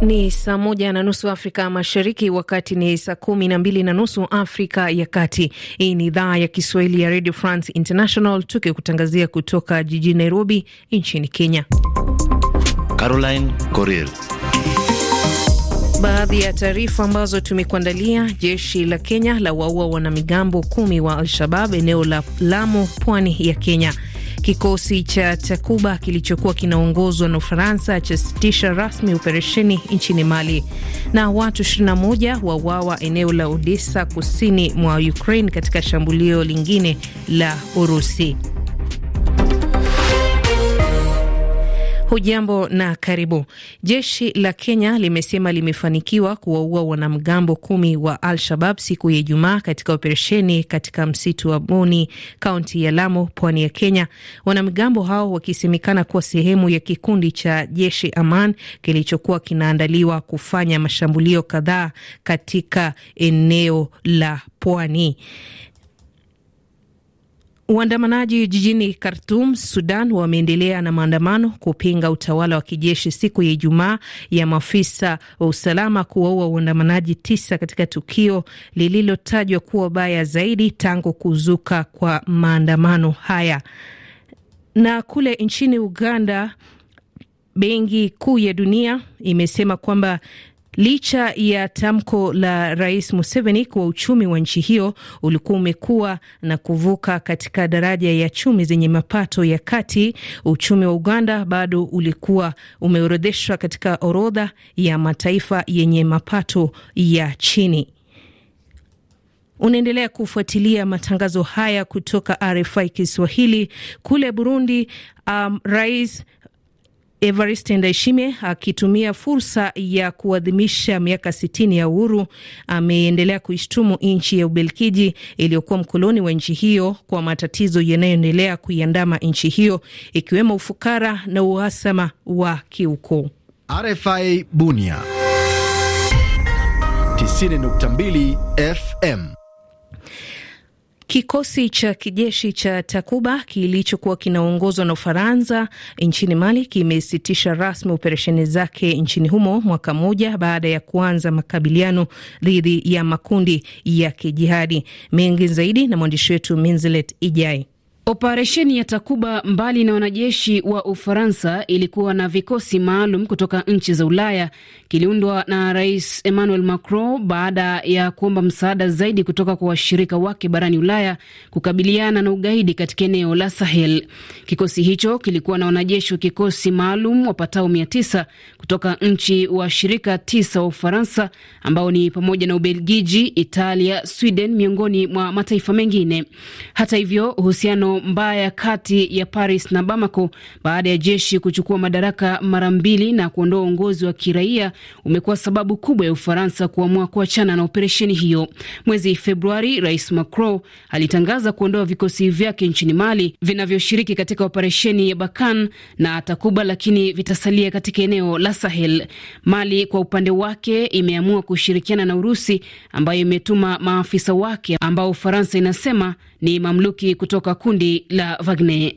Ni saa moja na nusu Afrika Mashariki, wakati ni saa kumi na mbili na nusu Afrika ya Kati. Hii ni idhaa ya Kiswahili ya Radio France International, tukikutangazia kutoka jijini Nairobi nchini Kenya. Caroline Corel. Baadhi ya taarifa ambazo tumekuandalia: jeshi la Kenya la waua wanamigambo kumi wa Al-Shabab eneo la Lamu, pwani ya Kenya. Kikosi cha Takuba kilichokuwa kinaongozwa na Ufaransa chasitisha rasmi operesheni nchini Mali. Na watu 21 wauawa eneo la Odessa kusini mwa Ukraine katika shambulio lingine la Urusi. Hujambo na karibu. Jeshi la Kenya limesema limefanikiwa kuwaua wanamgambo kumi wa Al-Shabab siku ya Ijumaa katika operesheni katika msitu wa Boni, kaunti ya Lamu, pwani ya Kenya. Wanamgambo hao wakisemekana kuwa sehemu ya kikundi cha jeshi Aman kilichokuwa kinaandaliwa kufanya mashambulio kadhaa katika eneo la pwani. Waandamanaji jijini Khartum, Sudan, wameendelea na maandamano kupinga utawala wa kijeshi siku ya Ijumaa ya maafisa wa usalama kuwaua waandamanaji tisa katika tukio lililotajwa kuwa baya zaidi tangu kuzuka kwa maandamano haya. Na kule nchini Uganda, Benki Kuu ya Dunia imesema kwamba Licha ya tamko la Rais Museveni kuwa uchumi wa nchi hiyo ulikuwa umekuwa na kuvuka katika daraja ya chumi zenye mapato ya kati, uchumi wa Uganda bado ulikuwa umeorodheshwa katika orodha ya mataifa yenye mapato ya chini. Unaendelea kufuatilia matangazo haya kutoka RFI Kiswahili. Kule Burundi, um, rais Evariste Ndaishime akitumia fursa ya kuadhimisha miaka sitini ya uhuru ameendelea kuishtumu nchi ya ubelkiji iliyokuwa mkoloni wa nchi hiyo kwa matatizo yanayoendelea kuiandama nchi hiyo ikiwemo ufukara na uhasama wa kiukoo. RFI Bunia 90.2 FM Kikosi cha kijeshi cha Takuba kilichokuwa kinaongozwa na Ufaransa nchini Mali kimesitisha rasmi operesheni zake nchini humo mwaka mmoja baada ya kuanza makabiliano dhidi ya makundi ya kijihadi. Mengi zaidi na mwandishi wetu Minzilet Ijai. Operesheni ya Takuba, mbali na wanajeshi wa Ufaransa, ilikuwa na vikosi maalum kutoka nchi za Ulaya. Kiliundwa na Rais Emmanuel Macron baada ya kuomba msaada zaidi kutoka kwa washirika wake barani Ulaya kukabiliana na ugaidi katika eneo la Sahel. Kikosi hicho kilikuwa na wanajeshi wa kikosi maalum wapatao mia tisa kutoka nchi washirika tisa wa Ufaransa, ambao ni pamoja na Ubelgiji, Italia, Sweden, miongoni mwa mataifa mengine. Hata hivyo uhusiano mbaya kati ya Paris na Bamako baada ya jeshi kuchukua madaraka mara mbili na kuondoa uongozi wa kiraia umekuwa sababu kubwa ya Ufaransa kuamua kuachana na operesheni hiyo. Mwezi Februari, Rais Macron alitangaza kuondoa vikosi vyake nchini Mali vinavyoshiriki katika operesheni ya Bakan na Takuba, lakini vitasalia katika eneo la Sahel. Mali kwa upande wake imeamua kushirikiana na Urusi ambayo imetuma maafisa wake ambao Ufaransa inasema ni mamluki kutoka kundi la Wagner.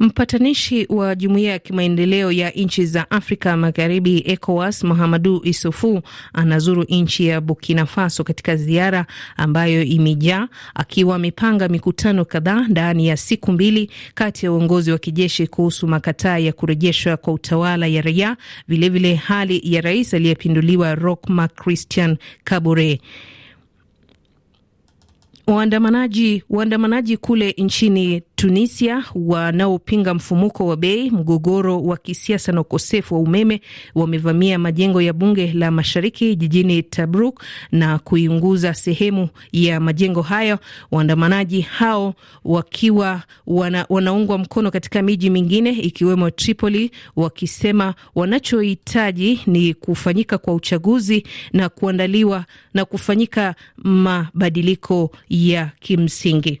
Mpatanishi wa jumuiya ya kimaendeleo ya nchi za Afrika Magharibi, ECOWAS, Mahamadu Isufu anazuru nchi ya Burkina Faso katika ziara ambayo imejaa akiwa amepanga mikutano kadhaa ndani ya siku mbili kati ya uongozi wa kijeshi kuhusu makataa ya kurejeshwa kwa utawala ya raia, vilevile hali ya rais aliyepinduliwa Roch Marc Christian Kabore. Waandamanaji waandamanaji kule nchini Tunisia wanaopinga mfumuko wa bei, mgogoro wa kisiasa na ukosefu wa umeme wamevamia majengo ya bunge la mashariki jijini Tabruk na kuiunguza sehemu ya majengo hayo, waandamanaji hao wakiwa wana, wanaungwa mkono katika miji mingine ikiwemo Tripoli, wakisema wanachohitaji ni kufanyika kwa uchaguzi na kuandaliwa na kufanyika mabadiliko ya kimsingi.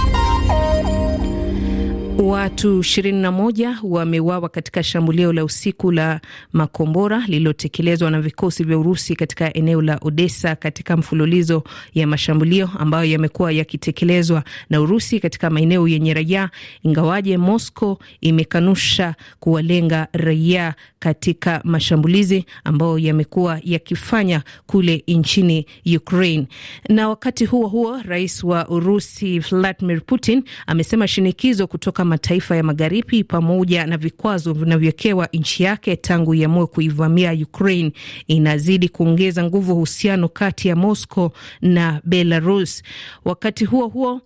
Watu 21 wameuawa katika shambulio la usiku la makombora lililotekelezwa na vikosi vya Urusi katika eneo la Odessa katika mfululizo ya mashambulio ambayo yamekuwa yakitekelezwa na Urusi katika maeneo yenye raia, ingawaje Moscow imekanusha kuwalenga raia katika mashambulizi ambayo yamekuwa yakifanya kule nchini Ukraine. Na wakati huo huo, rais wa Urusi Vladimir Putin amesema shinikizo kutoka mataifa ya magharibi pamoja na vikwazo vinavyowekewa nchi yake tangu iamue kuivamia Ukraine inazidi kuongeza nguvu uhusiano kati ya Moscow na Belarus. Wakati huo huo,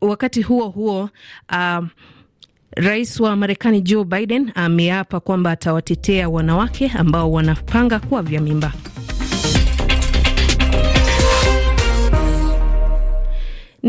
wakati huo huo uh, Rais wa Marekani Joe Biden ameapa kwamba atawatetea wanawake ambao wanapanga kuwa vya mimba.